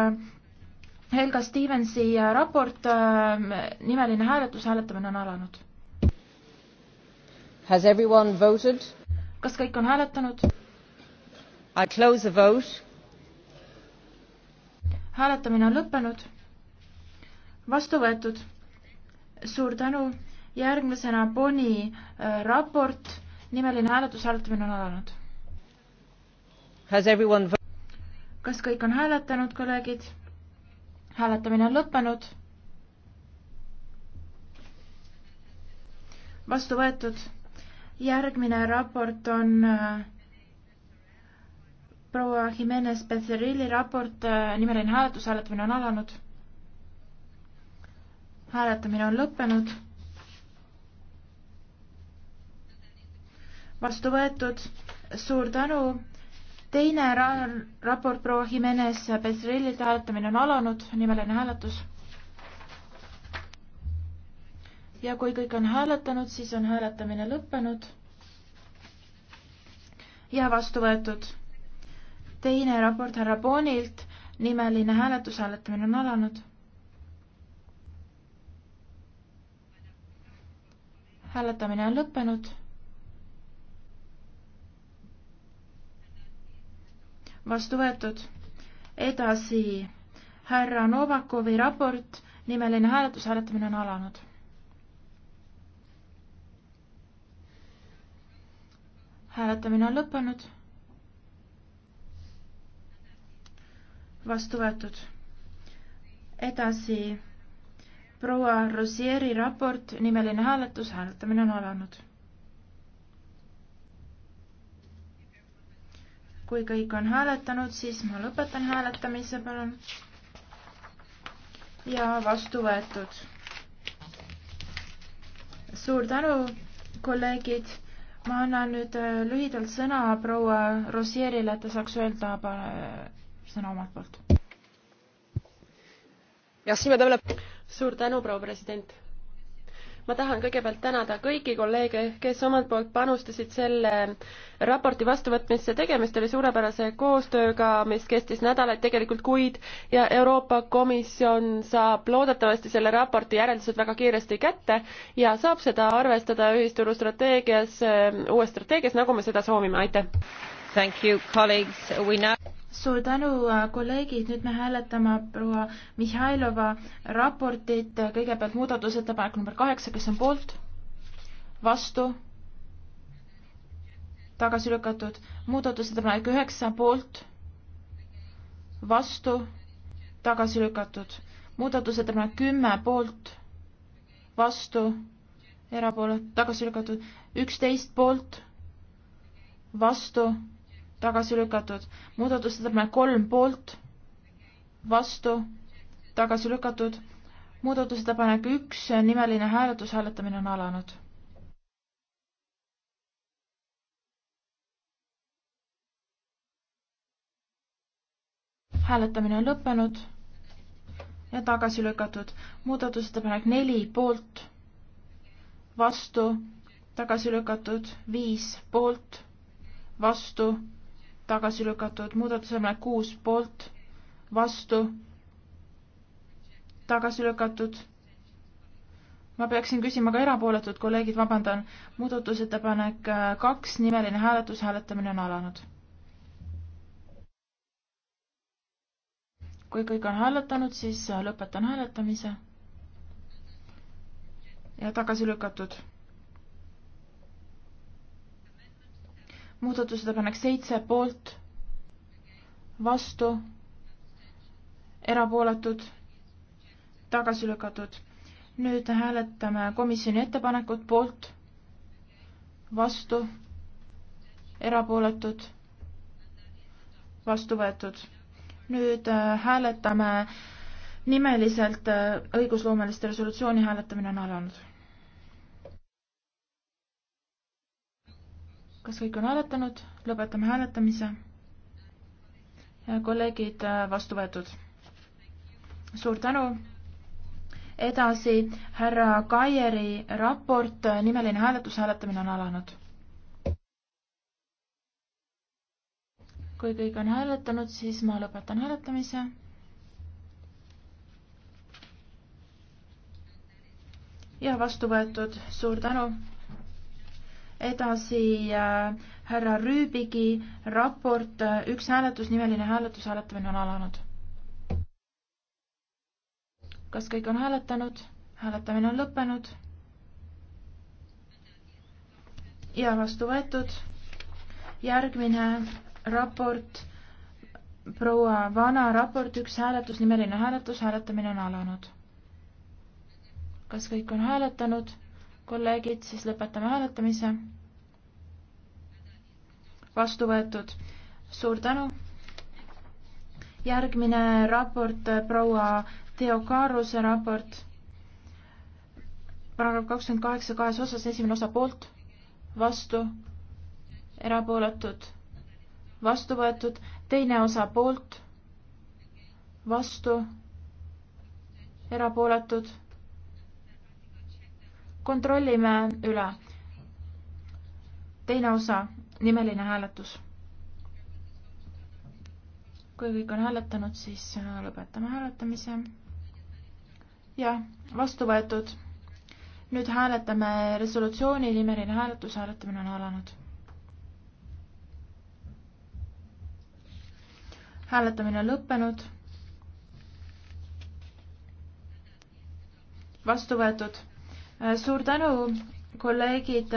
Äh, Helga Stevensi äh, raport, äh, nimeline hääletus, hääletamine on alanud. Has everyone voted? kas kõik on hääletanud? I close the vote. hääletamine on lõppenud. vastu võetud. suur tänu. järgmisena Bonni raport, nimeline hääletus, hääletamine on alanud. Has everyone voted? kas kõik on hääletanud, kolleegid? hääletamine on lõppenud. vastu võetud. järgmine raport on äh, proua Jimenez Becerrili raport, äh, nimeline hääletus, hääletamine on alanud. hääletamine on lõppenud. vastu võetud, suur tänu teine ra-, raport proua Jimenez Pesrellide hääletamine on alanud, nimeline hääletus. ja kui kõik on hääletanud, siis on hääletamine lõppenud ja vastu võetud. teine raport härra Boonilt, nimeline hääletus, hääletamine on alanud. hääletamine on lõppenud vastu võetud. edasi härra Novakovi raport, nimeline hääletus, hääletamine on alanud. hääletamine on lõppenud. vastu võetud. edasi proua Rosieri raport, nimeline hääletus, hääletamine on alanud kui kõik on hääletanud, siis ma lõpetan hääletamise, palun. ja vastu võetud. suur tänu, kolleegid. ma annan nüüd äh, lühidalt sõna proua Rosierile, et ta saaks öelda äh, sõna omalt poolt. suur tänu, proua president ma tahan kõigepealt tänada kõiki kolleege, kes omalt poolt panustasid selle raporti vastuvõtmisse, tegemist oli suurepärase koostööga, mis kestis nädalaid, tegelikult kuid, ja Euroopa Komisjon saab loodetavasti selle raporti järeldused väga kiiresti kätte ja saab seda arvestada ühisturu strateegias, äh, uues strateegias, nagu me seda soovime, aitäh! Thank you, colleagues. We now suur tänu, äh, kolleegid, nüüd me hääletame proua Mihhailova raportit, kõigepealt muudatusettepanek number kaheksa, kes on poolt, vastu, tagasi lükatud, muudatusettepanek üheksa, poolt, vastu, tagasi lükatud, muudatusettepanek kümme, poolt, vastu, erapooletu, tagasi lükatud, üksteist poolt, vastu tagasi lükatud, muudatusettepanek kolm poolt, vastu, tagasi lükatud, muudatusettepanek üks, nimeline hääletus, hääletamine on alanud. hääletamine on lõppenud ja tagasi lükatud, muudatusettepanek neli poolt, vastu, tagasi lükatud, viis poolt, vastu tagasi lükatud, muudatusettepanek kuus poolt, vastu, tagasi lükatud. ma peaksin küsima ka erapooletud kolleegid, vabandan, muudatusettepanek äh, kaks, nimeline hääletus, hääletamine on alanud. kui kõik on hääletanud, siis äh, lõpetan hääletamise. ja tagasi lükatud muudatusettepanek seitse poolt, vastu, erapooletud, tagasi lükatud. nüüd hääletame komisjoni ettepanekut poolt, vastu, erapooletud, vastu võetud. nüüd äh, hääletame nimeliselt äh, õigusloomelist resolutsiooni hääletamine on alanud kas kõik on hääletanud? lõpetame hääletamise. kolleegid, äh, vastu võetud. suur tänu. edasi härra Kaieri raport, nimeline hääletus, hääletamine on alanud. kui kõik on hääletanud, siis ma lõpetan hääletamise. ja vastu võetud, suur tänu edasi äh, härra Rüübigi raport äh,, üks hääletus, nimeline hääletus, hääletamine on alanud. kas kõik on hääletanud? hääletamine on lõppenud. ja vastu võetud. järgmine raport, proua Vana raport, üks hääletus, nimeline hääletus, hääletamine on alanud. kas kõik on hääletanud? kolleegid, siis lõpetame hääletamise. vastu võetud. suur tänu. järgmine raport, proua Teo Kaaruse raport. paragrahv kakskümmend kaheksa kahes osas, esimene osa poolt, vastu, erapooletud, vastu võetud, teine osa poolt, vastu, erapooletud kontrollime üle. teine osa, nimeline hääletus. kui kõik on hääletanud, siis äh, lõpetame hääletamise. jah, vastu võetud. nüüd hääletame resolutsiooni, nimeline hääletus, hääletamine on alanud. hääletamine on lõppenud. vastu võetud suur tänu, kolleegid